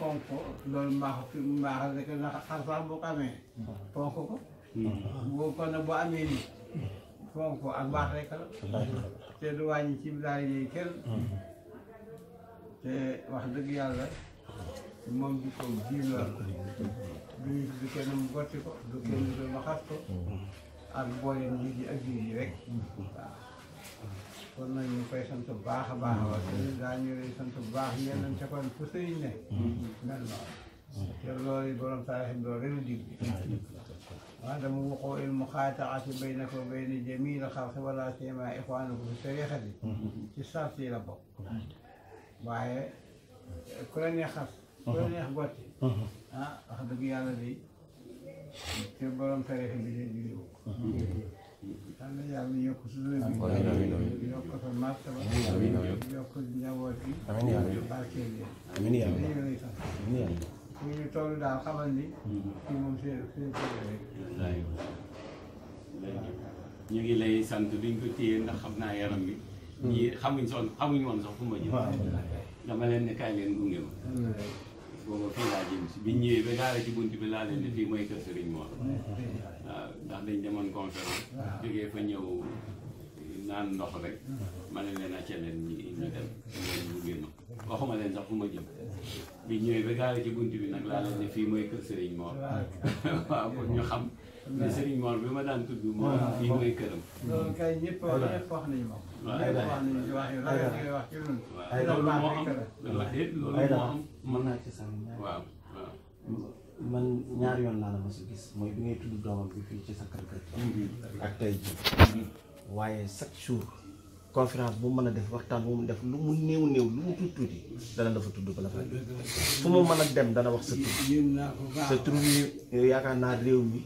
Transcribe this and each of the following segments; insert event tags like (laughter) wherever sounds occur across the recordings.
fonk ko loolu mbaax mbaax rek na xar sax boo ko amee fonk ko boo ko nag boo amee nii fonk ko ak mbaax rek la te du wàññi ci daara yi kenn te wax dëgg yàlla moom di ko jiw lool duñu kenn mu gotti ko du kenn du ma ko ak boole nit yi ak jiw rek kon nag ñu koy sant bu baax a baax wax mm-hmm. daa ñu lay sant bu baax mm-hmm. yeneen ca kon fu sëriñ ne mm-hmm. mel noonu te loolu yi borom taarix bi loolu rek ah, waa dama waxoo il muxaataati baynaka wa bayna jamil xalqi wala siyama ixwaanuka fi tariqati ci sart yi la bokk ah, waaye ku la neex xas ku la neex gotti ah wax dëgg yàlla day te borom taarix bi di di yal na yàlla yokk suñu yokk sa ñu toll daal xamal ni ñu ngi lay sant duñ ko téye ndax xam naa yaram bi ñii xamuñ soon xamuñ woon sax fu ma dama leen ne leen gunge ma fii laa jëm si biñ ñëwee ba ci bunt bi laa leen fii mooy kër sëriñ moo waaw ndax dañ demoon conférence ah. jógee fa ñëw naan ndox rek hmm. ma ne leen acca leen dem leen bu génn waxuma leen sax fu ma jëm bi ñëwee ba gaari ci bunt bi nag laa leen ne fii mooy kër Serigne Mor hmm. (laughs) ñu xam ne hmm. Serigne Mor bi ma daan tudd moom fii mooy këram loolu moo am loolu moo am ci sànni waaw waaw man ñaar yoon naa la ma si gis mooy bi ngay tudd doomam bi fii ci sa kër kër ak tey waaye chaque jour conférence bu mën a def waxtaan bu mu def lu mu néew néew lu mu tuuti tuuti dana dafa tudd bala fa fu mu mën a dem dana wax sa tur sa tur yi yaakaar naa réew mi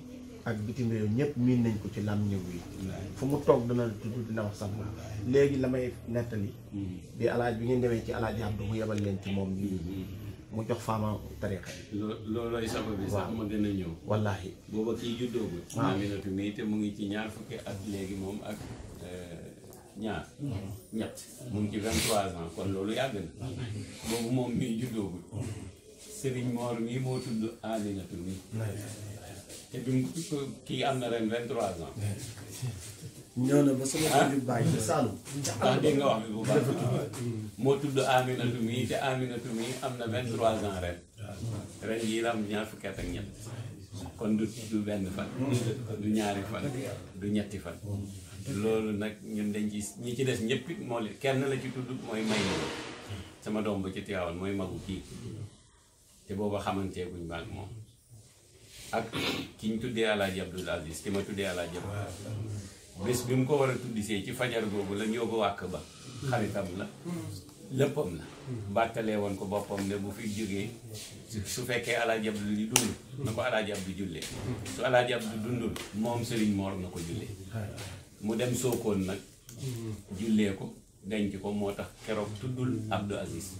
ak bitim réew ñëpp miin nañ ko ci lam ñëw yi fu mu toog dana tudd dina wax sax léegi la may nettali bi alaaj bi ngeen demee ci alaaj Abdou mu yebal leen ci moom nii mu jox faama tariqa bi. loo loolooy sabab bi sax ma gën a ñëw. wallaahi booba kii juddoo bu. waaw Aminatu mii te mu ngi ci ñaar fukki ak léegi moom ak euh, ñaar. Mm-hmm. ñett mu ngi ci vingt trois ans kon loolu yàgg na. Mm-hmm. boobu moom mii juddoo bu. Mm-hmm. Serigne Mor mii moo tudd Aminatu mii. te bi mu kii am na ren vingt trois ans. ñëw na ba sama kër gi nga wax moo tudd Aminatu mii te Aminatu mii am na 23 ans ren. ren jii la am ñaar fukki ak ñett kon du du benn fan. du ñaari fan du ñetti fan. loolu nag ñun dañ ci ñi ci des ñëpp it moo leen kenn la ci tudd mooy may sama doom ba ci Tiwaawan mooy magu kii te booba xamantee guñ baag moom ak ki ñu tuddee Alaaji Abdul Aziz ki ma tuddee Alaaji Abdul bis bi mu ko war a tuddisee ci fajar googu la ñoo ko wàkk ba xaritam la léppam la bàttalee woon ko boppam ne bu fi jógee su fekkee alaaji Abdu di dund na ko alaaji Abdu jullee su alaaji Abdu dundul moom Sëriñ Moor na ko jullee mu dem sookoon nag jullee ko denc ko moo tax keroog tuddul Abdou Aziz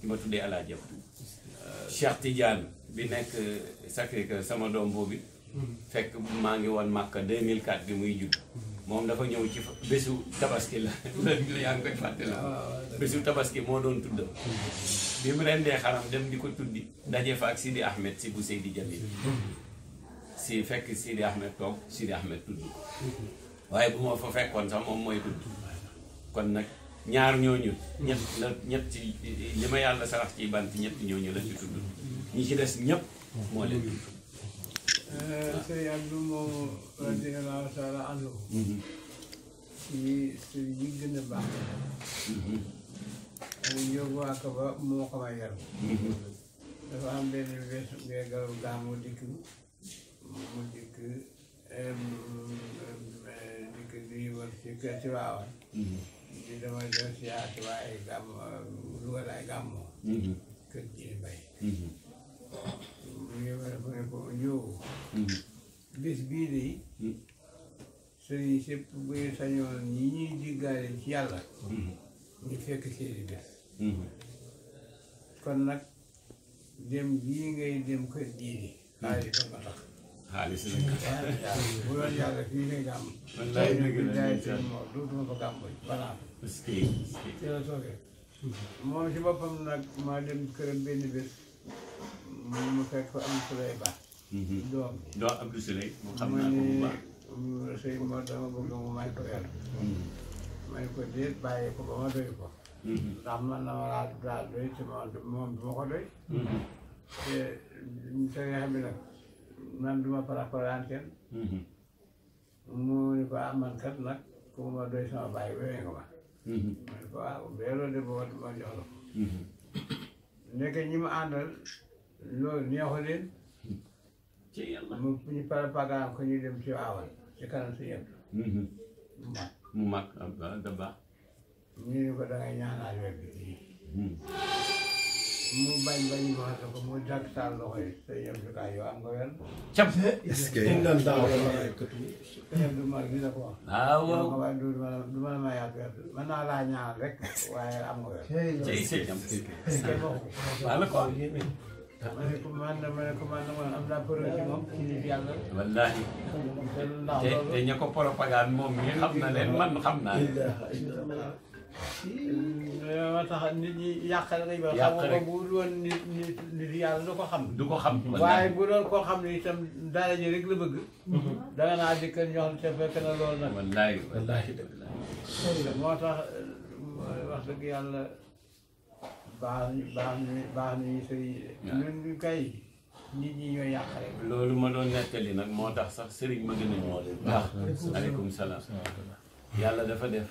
ki ma tuddee alaaji Abdu euh, Cheikh bi nekk euh, Sacré-Cœur sama doom boobu fekk maa ngi woon Màkka 2004 bi muy judd moom dafa ñëw ci bésu tabaski la la (laughs) ah, bésu tabaski moo doon tuddam bi mu rendee xaram dem di ko tuddi daje fa ak Sidi Ahmed si bu di Jalil si fekk Sidi Ahmed toog Sidi Ahmed tudd waaye bu ma fa fekkoon sax moom mooy tudd kon nag ñaar ñooñu ñett la ñett li ma yàlla sarax ci bant ñett ñooñu la ci tudd ñi ci des ñëpp moo leen tudd sëriñ Abdou moom radiyallaahu taala anhu ci sëriñ yi gën a baax mu njóobu aka ba moo ko ma yar dafa am benn bés ngay garaw gaa dikk mu dikk dikk di war ci kër ci waawan di dama def si yaa ci waaye gàmm dugal ay gàmmoo kër ci bay mu bii de sëriñ sëpp bu ñi ci yàlla fekk seeni nag dem bii ngay dem kër diini xaalis ko gàmm la soogee moom si boppam nag maa dem këram benn bés moom mu fekk fa am sulay ba mhm. doom doom Abdou Souley moom mu may ko yor mhm. ma doy ko mhm. ndax man na ma laa daal doy te moom du ma ko doy te te nga xam ne nag man du ma paraparaan kenn mu ni ko ah, man kat nag ku ma doy sama bàyyi wéy nga ma ah, ma ne ko de boo ma jox la ko nekk ñi ma àndal loolu neexu leen. ci yàlla mu ñu propagande ko ñu dem ci waawal si yëpp. mu mag mu mag ab da baax. ñu ko dangay ñaanal wér bi. mu bañ bañ ñu wax ko mu dàq saa loxo yi sa yëf bi kaay yow am nga wér. cam est-ce que yéen daal daaw la ma yëkkatu. yëf du ma gis la ko wax. ah waaw ma du ma du ma ma yàgg wér mën naa laa ñaan rek waaye am nga wér. cay cay cam. waaw la ko ma ne ko man ma ne ko man am naa preuve ci moom ci nit yàlla. wallaahi. te te ña ko propagande moom mi xam na leen man xam naa leen. ma tax nit ñi yàq rek ba xam nga bu dul woon nit nit nit yàlla du ko xam. du ko xam waaye bu doon koo xam ne itam dara ji rek la bëgg. danga naa dikk ñoo xam te fekk na loolu nag. wallaahi wallaahi. moo tax wax dëgg yàlla. baax baax baax nañu sëriñ de. nit ñi ñooy yàq loolu ma doon nettali nag moo tax sax sëriñ ma gën a ñoo leen baax. aleykum dafa def.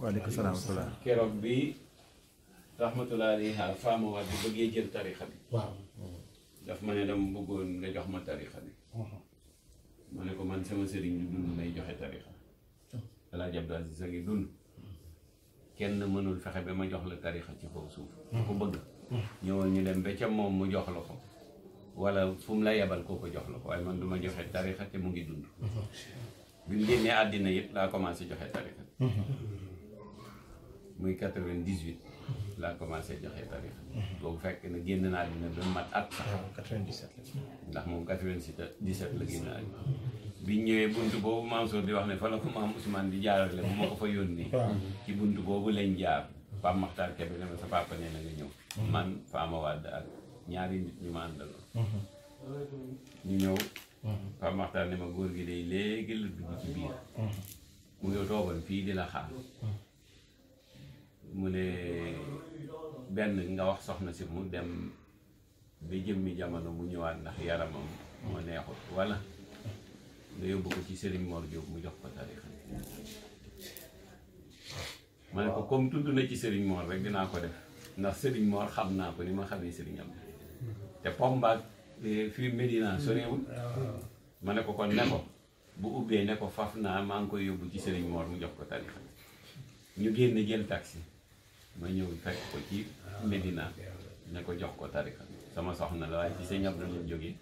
waaleykum salaam bi rahmatulah aleyha faama bi bëggee jël tarixa bi. waaw daf ma ne dama bëggoon jox uh-huh. ne joxe tarixa El Hadj Abdou Aziz a ngi dund kenn mënul fexe ba ma jox la tarixa ci kaw suuf ku ko bëgg ñëwal ñu dem ba ca moom mu jox la ko wala fu mu la yebal koo ko jox la ko waaye man du ma joxe tarixa te mu ngi dund bi mu génnee àddina yëpp laa commencé joxe tarixa muy quatre-vingt-dix-huit laa commencé joxe tarixa boobu fekk na génn naa àddina ba mat at sax quatre-vingt-dix-sept ndax moom quatre-vingt-dix-sept la génn àddina bi ñëwee bunt boobu maam di wax ne fa la ko maam Ousmane di jaarale bu ma ko fa yónnee. ci bunt boobu lañ jaar. Pape Makhtar Kébé ne ma sa papa nee na nga ñëw. Mhm. man Fama Wade ak ñaari nit ñu ma àndaloon. Mhm. ñu ñëw. Mhm. Pape ne ma góor gi day léegi la dugg ci biir. mu ngi toogoon fii di la xaar. mu ne benn nga wax soxna si mu dem ba jëmmi jamono mu ñëwaat ndax yaramam moo neexut wala. nga yóbbu ko ci Serigne Mor Diop mu jox ko tarixa ma ne ko comme tudd na ci Serigne Mor rek dinaa ko def ndax Serigne Mor xam naa ko ni ma xamee Serigne am te Pomba eh, ma ne ko kon ne bu ubbee ne ko faf naa maa ngi koy yóbbu ci Serigne Mor mu jox ko tarixa ñu génn jël taxi ma ñëw fekk ko ci Medina ne ko jox ko tarixa sama soxna la waaye ci sëñ Abdou jógee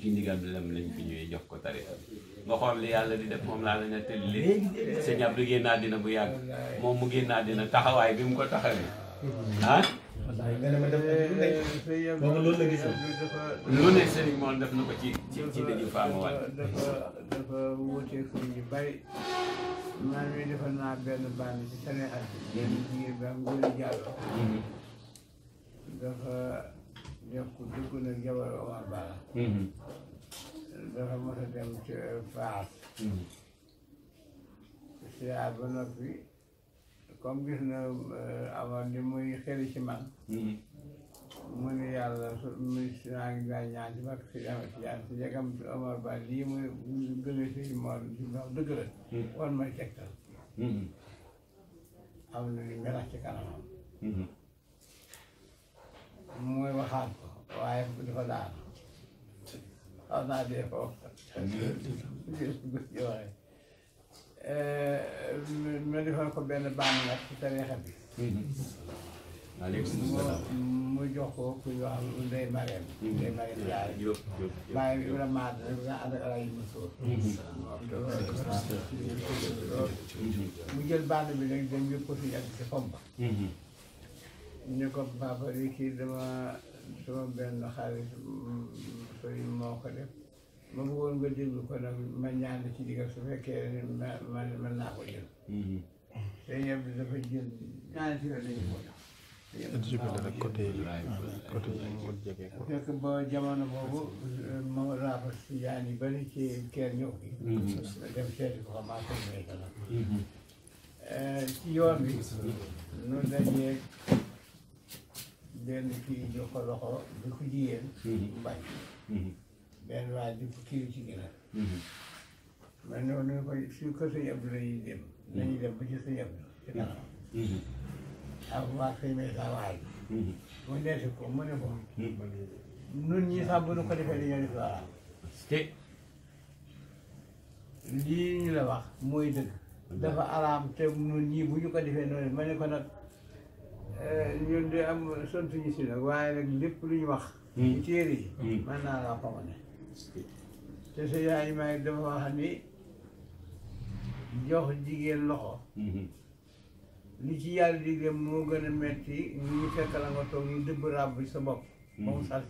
ci ndigal bi lam lañ fi ñëwee jox ko tarixa bi nga xool li yàlla di def moom laa la nettali sa sëñ Abdou génn àddina bu yàgg moom mu génn àddina taxawaay bi mu ko taxawee ah loolu la gis lu ne sëriñ moom def na ko ci ci ci dëju faama wàll dafa dafa wuutee fu ñu bari man mi defal naa benn bànn ci Sénégal mhm. benn jigéen ba am gën a jàll dafa def ko dugg jabar Omar Bala mm-hmm. dafa mos dem ci Faas mm-hmm. siyaar ba noppi comme gis na euh, Omar di muy xëri ci man mm-hmm. mu ne yàlla su naa ngi daan ñaan ci barke si si yàlla si jegam si Omar Ba muy gën si moom si ndox dëgg la wan may tegtal am na lu melax ci kanamam mooy waxaat ko waaye dafa daal xam naa dee foofu ma defal ko benn bànn nag ci tariixa bi mu jox ko ku ñu wax Ndeye Mariam Ndeye Mariam Diarra bàyyi bi la maat rek nga ànd ak ay mu jël bànn bi nag dem yëpp ko fii ak si ne ko papa kii dama sama benn xaalis sori moo ko def ma bëggoon nga déglu ko nag ma ñaan ci digga su fekkee ne ma ma naa ko jël te mm-hmm. ñëpp dafa jël ñaari si yoon jamono boobu ma laa fa si yaan yi bari ci kër ñëw bi mm-hmm. dem seeti ko xamaa ko mm-hmm. eh, ci yoon bi nu dajee benn kii jox ko loxo di ko jigéen. mu mm-hmm. bañ. Mm-hmm. benn waa di ko kii ci gën a. Mm-hmm. man noonu la su ko sëñ Abdou la ñuy dem. la ñuy dem ba ci sëñ Abdou ci kanam. ak waa sëñ Mesa waay. mu nekk ko mu ne ko. nun ñi sax bu nu ko defee dañoo def waaw. te lii ñu la wax mooy dëgg. dafa araam te nun ñi bu ñu ko defee noonu ma ne ko nag. ñun de am sant ñu si nag waaye nag lépp lu ñu wax. ci hmm. téere yi. Hmm. mën naa laa xamane te sa yaay may dafa wax ni jox jigéen loxo. Hmm. li ci yàlla digle moo gën a metti ñu ñu fekk la nga toog ñu dëbb ràbb sa bopp. moom sax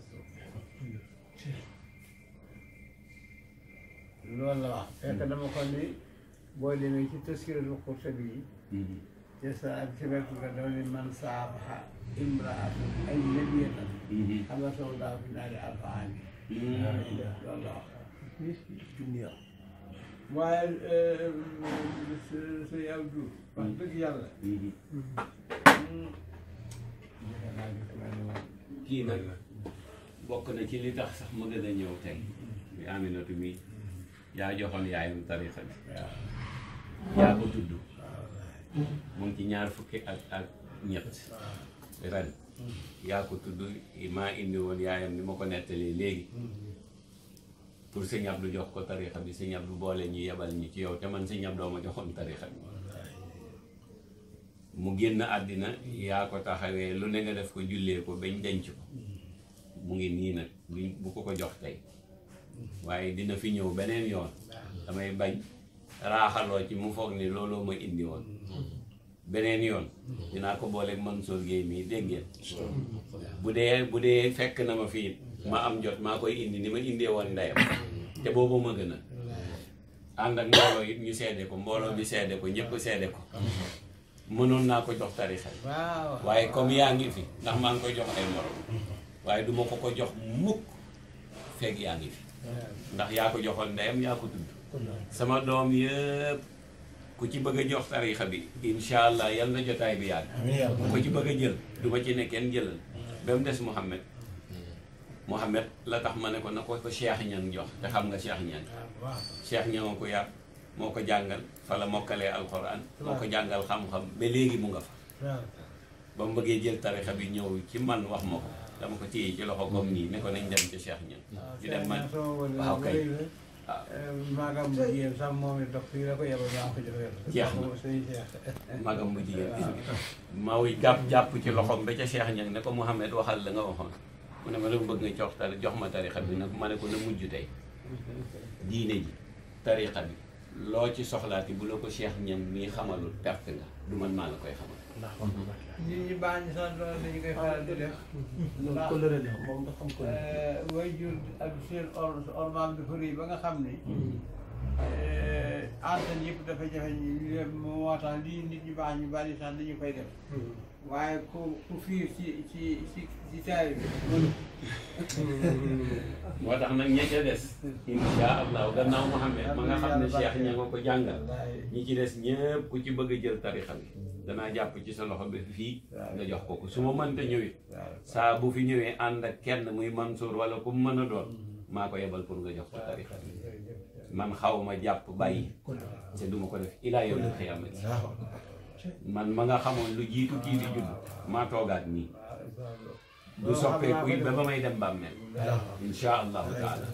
loolu la wax fekk dama ko ni boo demee ci taskiratul Qurtubi yi يسأل كبك كدول من صابها امرأة أجنبية حبسه الله في نار أطعامه والله الدنيا waaye sa yaw Diouf wax dëgg yàlla kii nag bokk na ci li tax sax mu gën a ñëw tey muy Aminatu mi yaa joxoon yaayam tarixa bi yaa ko tudd mu ci ñaar fukki ak ak ñett ren yaa ko tudd maa indi woon yaayam ni ma ko nettalee léegi pour sëñ Abdou jox ko tarixa bi sëñ Abdou boole ñu yebal ñi ci yow te man sëñ Abdou ma joxoon tarixa bi mu génn àddina yaa ko taxawee lu ne nga def ko jullee ko bañ denc ko mu ngi nii nag bu ko ko jox tey waaye dina fi ñëw beneen yoon damay bañ raaxaloo ci mu foog ni looloo ma indi woon beneen yoon mm-hmm. dinaa ko booleeg Mansour Guèye mii dégg ngeen bu dee bu dee fekk na ma fii ma am jot maa koy indi ni ma indee woon ndeyam mm-hmm. te boobu ma gën a ànd ak mbooloo it ñu seede ko mbooloo mi seede ko ñëpp seede ko mm-hmm. mënoon naa ko jox tarixa waaye comme yaa ngi fi ndax maa ngi koy jox ay morom waaye du ma ko ko jox mukk fekk yaa ngi fi ndax yaa ko joxoon ndeyam yaa ko tudd sama doom yëpp ku ci bëgg jox tariixa bi incha allah yal na jotaay bi yàgg ku ci bëgg a jël du ma ci ne kenn jëlal ba mu des Mouhamed mm. Mouhamed la tax ma ne ko na ko ko Cheikh Niang jox te xam nga Cheikh Niang Cheikh Niang ko yar moo ko jàngal fa la mokkalee alxuraan ko jàngal xam ba léegi mu nga fa ba jël tarixa bi ñëw ci man wax ma ko ko téye ci loxo comme nii ne ko dem ci man waaw kay magam bu jigéen sax moom it jeex na sëñ Cheikh. magam bu jigéen gis (laughs) nga. Ah. Maoy jàpp jàpp ci loxoom ba ca Cheikh ñag ne ko Mouhamed waxal la nga waxoon mu ne ma dama bëgg nga jox tari jox ma tarixa bi nag ma ne ko na mujj tey diine ji tarixa bi loo ci soxlaati bu la ko Cheikh ñag mii xamalul perte nga du man maa la koy xamal. ndax nit ñi baax ñi sant loolu dañu koy faral di def. ndax kóllëre la moom dafa am kóllëre. Eh, waajur ak seen or ormaam dafa rëy ba nga xam ne. antenne eh, yëpp dafa jafe ñu moo tax lii nit ñi baax ñu bari sax dañu koy def. Hmm. waaye ku ku fiir ci ci ci ci taay bi (laughs) moo tax nag ña ca des insha allahu gannaaw Muhammad ma nga xam ne cheikh ña nga ko jàngal ñi ci des ñëpp ku ci bëgg a jël tarixa bi danaa jàpp ci sa loxo bi fii nga jox ko ko su ma mënta ñëwee saa bu fi ñëwee ànd ak kenn muy Mansour wala ku mu mën a doon mm-hmm. maa ko yebal pour nga jox ko tarixa bi man xaw ma jàpp bàyyi te duma ko def ilaa yow li xiyamati man ma nga xamoon lu jiitu kii di judd maa toogaat nii du soppeeku ba ba may dem bàmmeel insha allahu taala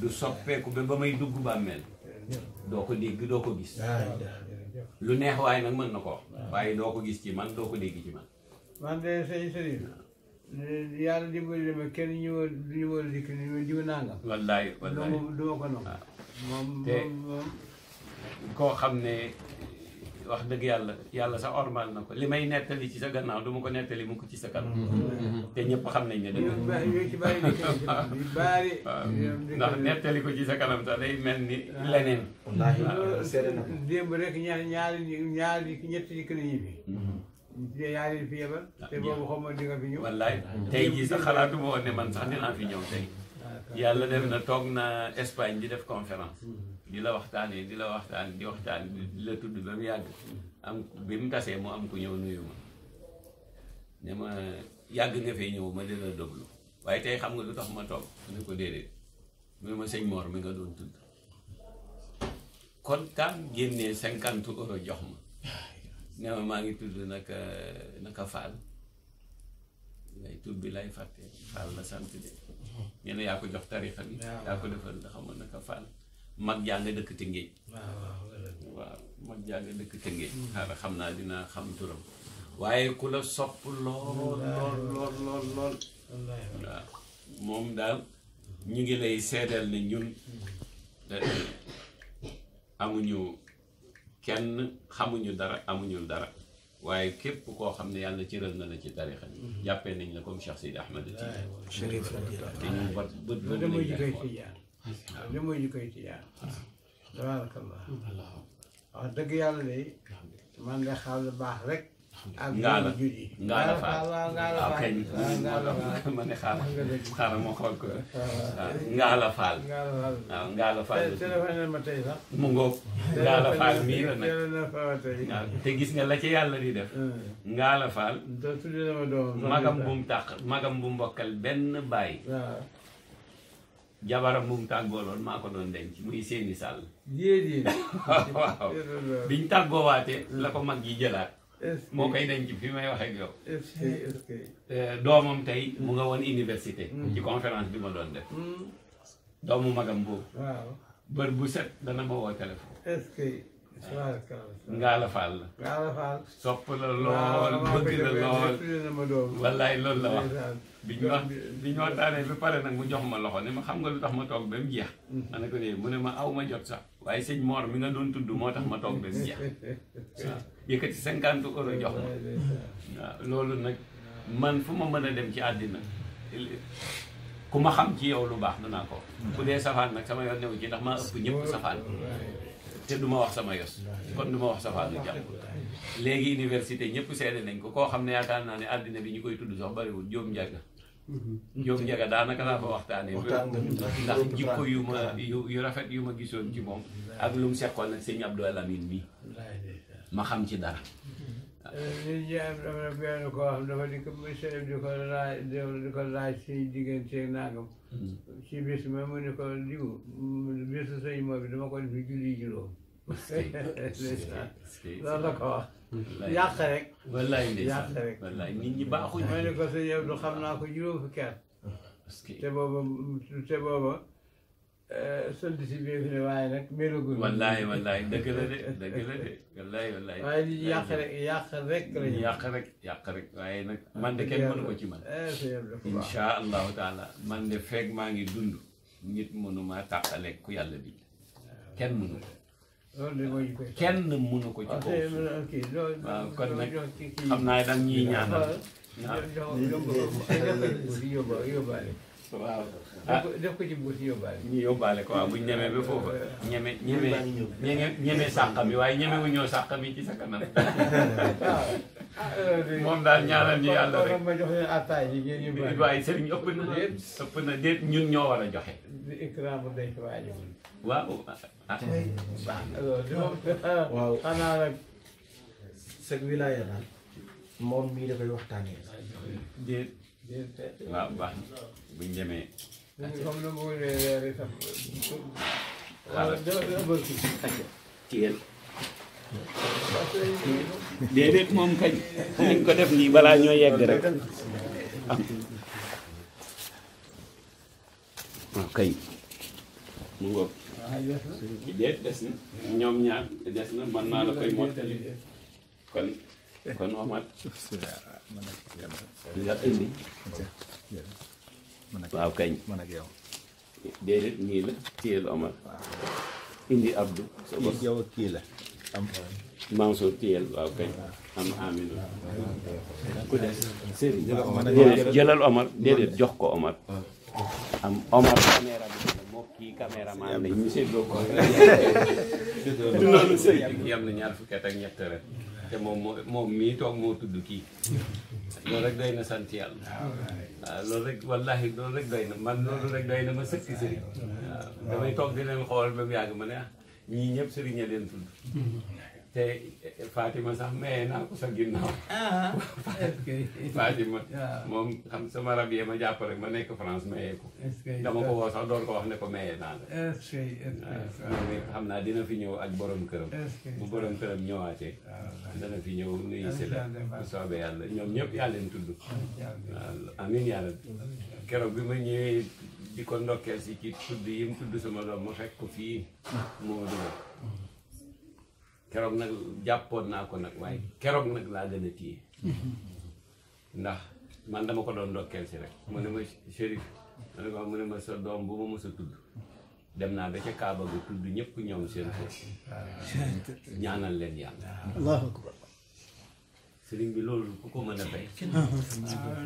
du soppeeku ba may dugg bàmmeel doo ko dégg doo ko gis lu neex waaye nag mën na ko waaye doo ko gis ci man doo ko dégg ci man man de sëñ sëriñ yàlla naa nga wallaay wallaay du ma ko nox moom moom koo xam ne wax dëgg yàlla yàlla sa ormal na ko li may nettali ci sa gannaaw du ma ko nettali mu ko ci sa kanam te ñëpp xam nañ ne dëgg (laughs) ndax nettali ko ci sa kanam sax day mel ni leneen démb rek ñaar ñaari ñaari ñetti dikk nañu fi mm-hmm. te yaa boobu xaw ma di nga fi ñëw wallaay tey jii sax xalaatu ma man sax dinaa fi ñëw tey yàlla def na toog na Espagne di def conférence di la waxtaan waxtaanee di la waxtaan di waxtaan di la tudd ba mu yàgg am bi mu tasee mu am ku ñëw nuyu ma ne ma yàgg nga fee ñëw ma dina déglu waaye tey xam nga lu tax ma toog ne ko déedéet mu ne ma sëñ Mor mi nga doon tudd kon tam génnee cinquante euro jox ma ne ma maa ngi tudd naka naka Fall lay tur bi lay fàtte Fall la sant de ñu ne yaa ko jox tarixa bi yaa ko defal nga xamoon naka faal mag jaa dëkk Tëngéej waaw mag jaa dëkk Tëngéej xaaral xam naa dinaa xam turam waaye ku la sopp lool lool lool lool waaw moom daal ñu ngi lay seedeel ne ñun amuñu kenn xamuñu dara amuñu dara waaye képp koo xam ne yàlla cëral na la ci tarixa bi jàppee nañ la comme Cheikh Sidi Ahmed Chérif dañu bat bët boobu lañ koy tijaan da mooy ñu koy tijaan tabaarakallah wax dëgg yàlla de man de xaal lu baax rek ngaala ngaala faal waaw ah, kay ma ne xaaral xaaral ma xool ko ah. Ah, ngaala faal waaw ngaala faal mu ngoog ngaala faal mii la nag waaw te gis nga la ca yàlla di def ngaala faal magam bu mu tàq magam bu mbokkal benn bàyyi jabaram bu mu tàggooloon maa ko doon denc muy seeni sàll (laughs) waaw biñ tàggoowaatee la ko mag yi jëlaat moo koy denc bi may wax ak yow. doomam tey mu nga woon université. Mm. ci conférence bi ma doon def. Mm. doomu magam boobu. waaw bu set dana ma woo téléphone. est la. Ngaala Fall. sopp la lool lool. wallaay ñu wax bi ñu waxtaanee ba pare nag mu jox ma loxo ne ma xam nga lu tax ma toog mu jeex. Mm. ma ne mu ne ma aw ma sax. waaye sëñ Mor mi nga doon tudd moo tax ma toog ba mu jeex (laughs) yëkkati cinquante euro jox ma waaw loolu nag man fu ma mën a dem ci àddina ku ma xam ci yow lu baax na naa ko ku dee safaan nag sama yoon newu ci ndax maa ëpp ñëpp safaan te du ma wax sama yos kon du ma wax safaanu jàpp léegi université ñëpp seede nañ ko koo xam ne yaakaar naa ne àddina bi ñu koy tudd sax bariwul Jóob Njaga mm-hmm. Jóob Njaga daanaka laa ko waxtaanee ndax jikko yu ma yu rafet yu ma gisoon ci moom ak lu mu seqoon nag sëñ Abdou Lamine mii ma xam ci dara. Eh, nit ñi am na benn koo xam dafa di di ko laaj di ko laaj si hmm. bis ma mu ne ko diw bisu sëñ moo bi dama ko def julli juróom (laughs) loolu ko yàq rek yàq rek wallaay ñi baaxuñ ma ne ko sa yow du xam naa ko juróom fukki at te booba te booba soldi si biir bi waaye nag melagul. wallaay wallaay dëgg la de dëgg la de wallaay wallaay. waaye yàq rek yàq rek yàq yàq waaye nag man de kenn mënu ko ci man. insha taala man de feeg maa ngi dund nit mënu maa tàqale ku yàlla bi kenn mënu ko. kenn mënu ko ci kaw. waaw kon nag xam naa dañ ñuy ñaanal. waaw waaw ah def ko ci yóbbaale. ñu yóbbaale ko waaw bu ñu ñemee ba foofa. ñeme ñeme ñeme ñeme sàq waaye ñeme wu ñoo sàq mi ci sa kanam. (laughs) Ah. moom daal ñaanal ñu yàlla rek ma jox leen attaay yi ngeen yóbbaale. waaye sëriñ na ëpp na déet ñun ñoo war a joxe. ikraam day ko waaye. Ah. waaw. waaw xanaa rek sëg wilaaya daal moom mii dafay waxtaanee. déet déet waaw buñ demee. déedéet moom kañ. nañ ko def nii balaa ñoo yegg rek. waaw ah, kañ. mu déet des na ñoom ñaar des na mën naa la koy mottali kon kon Omar. yaa indi. waaw kañ man déedéet nii la kii la Omar indi Abdou sa bopp waaw kañ am aminu ku des jëlal Omar déedéet jox ko Omar am Omar caméra bi moo kii caméraman la ñu seddoo ko du (laughs) (laughs) noonu sëriñ bi am na ñaar fukki ak ñett rek te moom moo moom mii toog moo tudd kii loolu rek doy na sant yàlla ah, waaw loolu rek wallaahi loolu rek doy na man loolu rek doy na ma sëkk sëriñ waaw damay toog di leen xool ba mu yàgg ma ne ah ñii ñëpp sëriñ a leen tudd te ma sax maye naa ko sa ginnaaw. Ah. (laughs) Fatima ah. moom xam sama rab yee ma jàpp rek ma nekk France maye ko. dama ko woo sax door ko wax ne ko maye naa la. Ah, xam naa dina fi ñëw ak borom këram. bu borom këram ñëwaatee. dana fi ñëw nuyu si la bu soobee yàlla ñoom ñëpp yaa leen tudd. amiin yàlla keroog bi ma ñëwee di ko ndokkeel si ci tudd yi mu tudd sama doom ma fekk ko fii moo dugg. keroog nag jàppoon naa ko nag waaye keroog nag laa gën a téye ndax man dama ko doon ndokkeel si rek mu ne ma Chérif ma ne ko mu ne ma sa doom bu dem naa ba ca Kaaba ga tudd ñëpp ñëw seen ko ñaanal leen yàlla allahu akbar sëriñ bi loolu ku ko mën a fay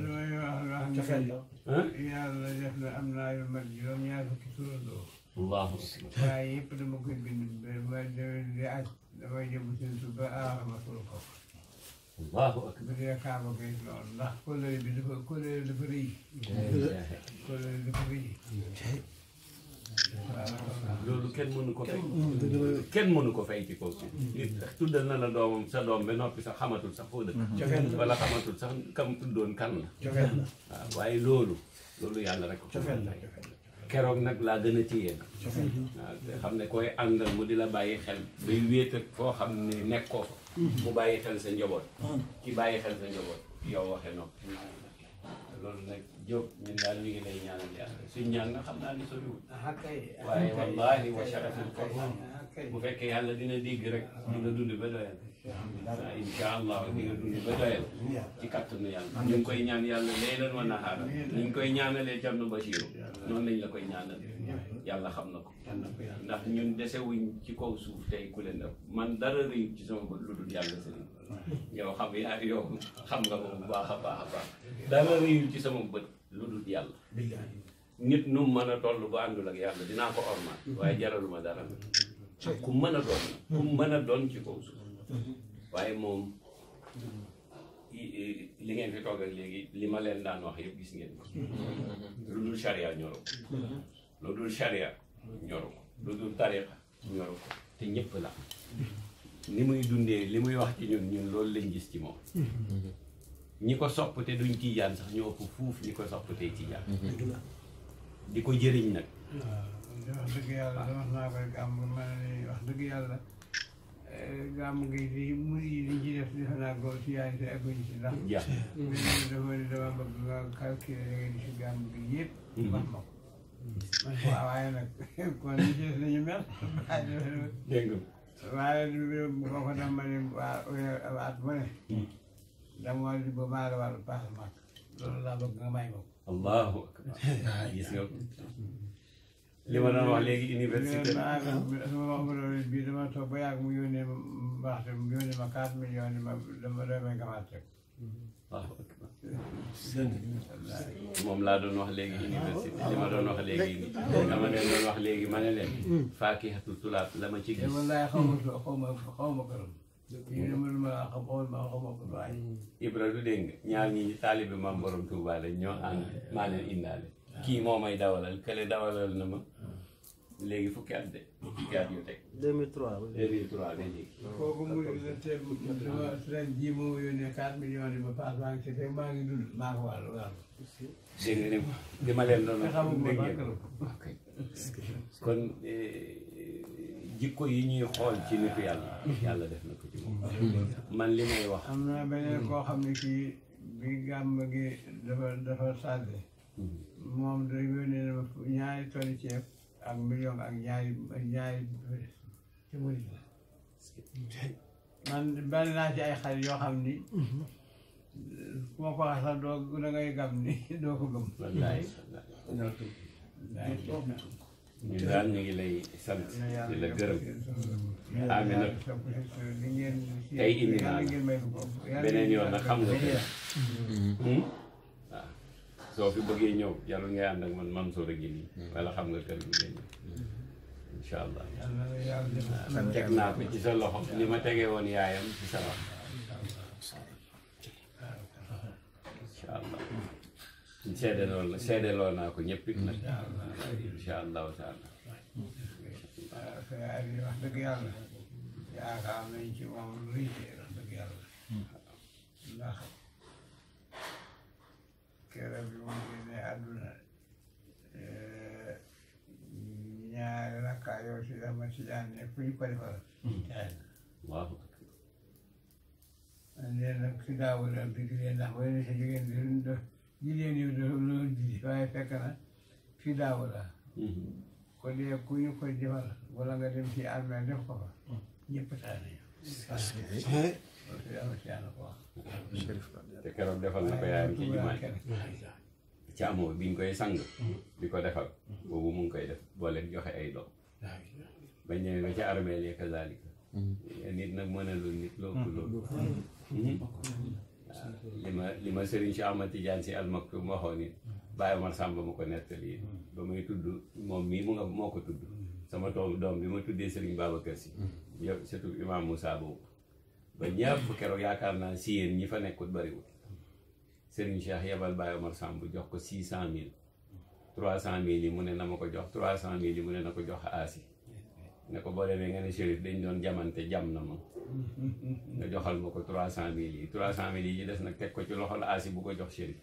looy wax loo yàlla def na am naa yu mat juróom ñaar fukki turandoo allahu akbar waaye yëpp dama koy bind ba di ak damay jëm ba aar ma suñu loolu kenn mënu ko fay. kenn mënu ko fay tuddal na la doomam sa doom ba noppi sax xamatul sax foo dëkk. wala mhm. xamatul sax kam tuddoon kan la. waaye loolu. loolu yàlla rek ko. keroog nag laa gën a ci waaw te xam ne koy àndal mu di la bàyyi xel day wéet foo xam ne nekkoo fa mu bàyyi xel sa njoboot ki bàyyi xel sa njaboot yow waxe noppi loolu nag Diop ñun daal ñu ngi lay ñaanal yàlla suñ ñaan nga xam naa ni soriwul ah, waaye ah, wallahi wa sharafil ah, bu fekkee yàlla dina dégg rek dina dund ba doyal incha allah di nga dund ba doyal ci kattanu yàlla ñu ngi koy ñaan yàlla laylan wa nahaara ni ñu koy ñaanalee Thierno Bachir noonu lañ la koy ñaanal yàlla xam na ko ndax ñun desewuñ ci kaw suuf tey ku leen def man dara rëyut ci sama bët lu dul yàlla sëriñ xam nga ko bu baax ci sama bët lu yàlla nit nu mën a toll ba àndul ak yàlla dinaa ko ormaat mm-hmm. waaye ma dara ku ku mën a doon ci kaw suuf waaye moom li ngeen fi toog léegi li ma leen daan wax yëpp gis ngeen ko lu dul charia ñoro ko lu dul charia ñoro ko te ñëpp la ni muy dundee li muy wax ci ñun ñun loolu lañ gis ci moom ñi ko sopp te duñ tiijaan sax ñoo ko fuuf ñi ko sopp te tiijaan di ko jëriñ nag wax dëgg yàlla dama naa ko rek am man wax dëgg yàlla gàmm gi di mur yi di ci def defe naa ko ci yaay si ak ñu si ndax. ja dafa ne dama bëgg nga calculer da ngeen di si gàmm gi yëpp. Mhm. wax ma ko. waaw waaye nag (laughs) kon li ci des nañu mel. dégg nga. waaye bu ko ko dambalee waa at mu ne. Mhm. dama war di ba maara wàllu paas mag loolu laa bëgg nga may ma ko. allahu akbar (laughs) gis nga. li ma doon wax léegi université mu yónnee mbaaxte mu yónnee moom laa doon wax léegi université li ma doon wax léegi ma ne leen faakihatu tulaab la ma ci gis eh, wallaay xaw ma xaw ma ibra du dégg ñaar ñi taalibe maam borom Tuubaa la ñoo ànd maa leen indaale kii moo may dawalal kële dawalal na ma léegi fukki at de fukki at kooku mu leen teelul ren jii ma yónnee 4 millions ba maa ngi seetee maa ngi dund maa ko wàllu eh, yi ñuy xool ci nitu yàlla yàlla def na ko man li may wax. am na beneen koo xam ne kii bi gàmm gi dafa dafa sàgge. Mm-hmm. moom da yónnee na ñaari tonne ceeb ak million ak ñaari ñaari téeméeri man bari naa ci ay xarit yoo xam ni ku sax doo da ngay gam ni doo ko gëm wallaay daal ñu ngi lay sant di la gërëm amina tey indi naa la beneen yoon nag xam nga ko hmm? soo fi bëggee ñëw yàlla ngay ànd ak man Mansour a ngi mm-hmm. xam nga kër gi ngeen mm-hmm. allah ah, teg naa ko ci sa loxo ni ma tegee woon yaayam ci sa loxo incha allah mm-hmm. seede lool la seede lool naa ko ñëpp it nag incha allahu taala wax dëgg yàlla yaakaar nañ ci moom luy wax dëgg yàlla Hmm. Sudan mm-hmm. hmm. ñu koy defar. daaw la bi jigéen ndax wala sa jigéen bi lu do jigéen yi do loolu ji waaye fekk na ki daaw la. ko dee ku ñu koy defal wala nga dem ci armée ko fa. ñëpp taale. parce que te keroog defal na ko yaayam ci bi koy sang. Hmm. di ko defal. boobu mu ngi koy def boo leen joxe ay loo bañ ñëwee ba ca armeel ya kazalika nit nag mënalul nit loo ko loolu li ma li ma Serigne Cheikh Ahmad Tidiane si almaktum waxoon it Baye Omar ma ko nettali ba muy tudd moom mii mu nga moo ko tudd sama toog doom bi ma tuddee Serigne Babacar si yow surtout imam Moussa boobu ba ñëpp keroog yaakaar naa si yéen ñi fa nekkut bariwul Serigne Cheikh yebal Baye Omar Samba jox ko six cent mille trois cent mille yi mu ne na ma ko jox trois cent mille yi mu ne na ko jox aasi ne ko boo demee nga ne Chérif dañ doon jamante jam na ma nga joxal ma ko trois cent mille yi trois cent mille yi des nag teg ko ci loxol aasi bu ko jox Chérif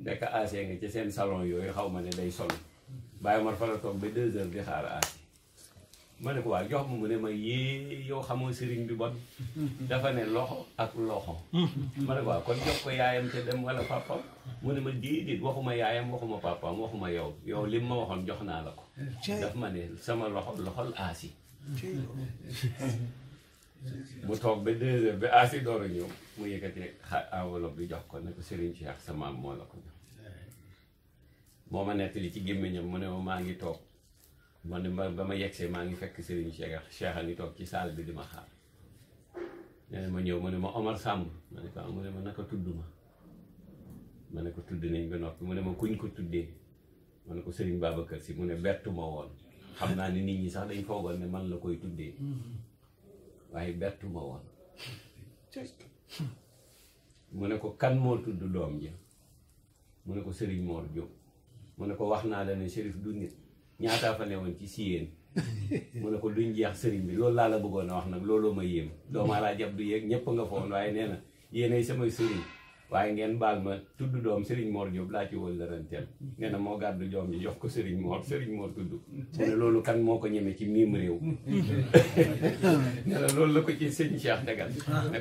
ndekk aasee nga ci seen salon yooyu xaw ma ne day sol bàyyi mar fa la toog ba deux heures di xaar aasi ma ne ko waaw jox ma mu ne ma yée yow xamoo sëriñ bi bon dafa ne loxo ak loxo ma ne ko waaw kon jox ko yaayam te dem wala papam mu ne ma déedéet waxuma yaayam waxuma papam waxuma yow daf ma ne sama loxo loxol aasi (laughs) mu toog ba deux heures ba aasi door ñëw mu yëkkati enveloppe bi jox ko ne ko Serigne Cheikh sa maam moo la ko jox moo ma nettali ci gémmiñam mu ne ma maa ngi toog ma ne ma ba ma yegsee maa ngi fekk Serigne Cheikh Cheikh a ngi toog ci saal bi di ma xaar nee na ma ñëw mu ne ma Omar Samb ne ko mu ne ma naka tudd ma ma ne ko tudd nañ ba noppi mu ne ma kuñ ko tuddee ma ne ko Serigne Babacar si mu ne bettu ma woon xam naa ne nit ñi sax dañ foogoon ne man la koy tuddee waaye bettu ma woon mu ne ko kan moo tudd doom ja mu ne ko sëriñ Mor Diop mu ne ko wax naa la ne Chérif du nit ñaataa fa ne woon ci siyeen mu ne ko duñ jeex sëriñ bi loolu laa la bëggoon a wax nag looloo ma yéem doomaa laa jab du yéeg ñëpp nga foon waaye nee na yéenay samay Serigne waaye ngeen baal ma tudd doom Serigne Mor Diop laa ci wëllëranteel nee na moo gàddu doom ji jox ko sëriñ Mor Serigne Mor tudd mu ne loolu kan moo ko ñeme ci miim réew (laughs) la ko ci sëñ Cheikh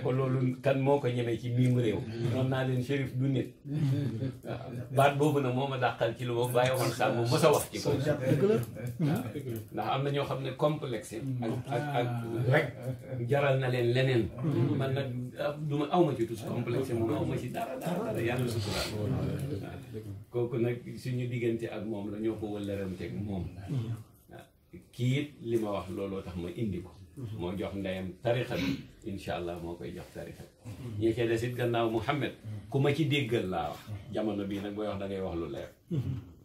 ko loolu kan moo ko ñeme ci miim réew noonu naa leen shérif du nit baat boobu nag moo ma dàqal ci loo ma bàyyi woon xel mu mos a wax ci ko ndax am na ñoo xam ne complexe ak ak ak rek jaral na leen leneen man nag ah, du ma awma ci tus complexe moom awma ci dara dara dara yàlla suturaal kooku nag suñu diggante ak moom la ko wëllërante ak moom mm-hmm. ah, kii li ma wax looloo tax ma indi ko mm-hmm. moo jox ndeyam tarixa bi incha allah moo koy jox tarixa bi mm-hmm. ñi cee des it gannaaw Muhammad ku ma ci déggal laa wax jamono bii nag booy wax da ngay wax lu leer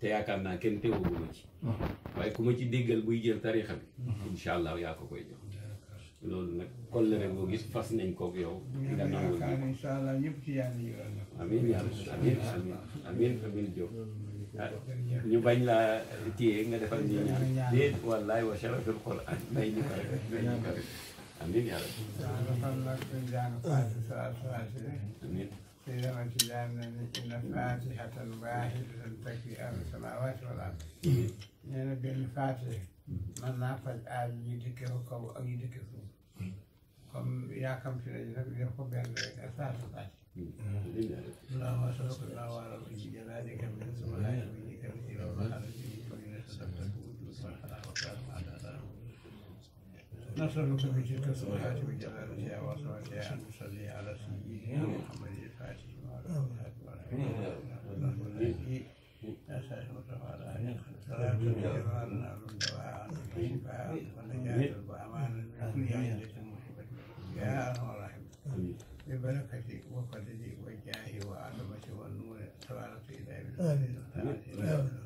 te yaakaar naa kenn teewaguma ci waaye ku ma ci déggal buy jël tarixa bi incha allah yaa ko koy jox loolu nag kollëre boo gis fas nañ kook yow. nga ñu bañ laa téye nga defal ñu ñaan déet wallaay wa sharafil Qur'an may ñu pare may ñu pare amiin yàlla. amiin. سيدنا جعلنا لكن فاتحة واحدة تكفي أرض السماوات والأرض. يعني بالفاتحة من نافذ آل يدك وقو أو يدك comme yaakaar si rajo bi def ko benn rek saa su baax. allahumma salli wa sallam ala nabiyyika wa ala alihi wa sahbihi نسألك بجدك الصلاة وجلالتها وعظمتها أن تصلي على سيدنا محمد الفاتح وعلى آله نسألك على أن صلاة وجلالنا من دعاء وشفاء ونجاة وأمانا من كل عين الرحمن الرحيم ببركتك وقدرك وجاهي وعظمتي والنور تبارك إلهي آمين